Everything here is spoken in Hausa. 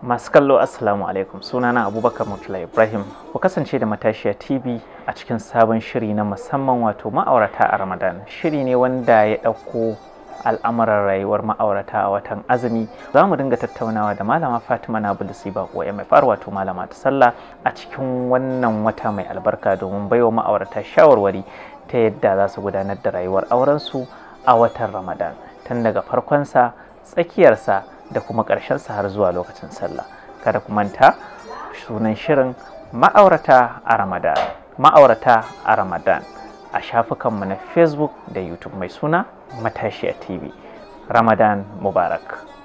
Masu kallo Assalamu alaikum sunana Abubakar Mutula Ibrahim ku kasance da matashiya TV a cikin sabon shiri na musamman wato ma'aurata a Ramadan shiri ne wanda ya ɗauko al'amuran rayuwar ma'aurata a watan azumi za mu dinga tattaunawa da malama Fatima na Bulisi Bako faru wato malama ta sallah a cikin wannan wata mai albarka domin bai wa ma'aurata shawarwari ta yadda za su gudanar da rayuwar aurensu a watan Ramadan tun daga farkonsa tsakiyarsa da kuma ƙarshensa har zuwa lokacin sallah kada ku manta sunan shirin ma'aurata a ramadan ma'aurata a ramadan a shafukanmu na facebook da youtube mai suna matashiya tv ramadan mubarak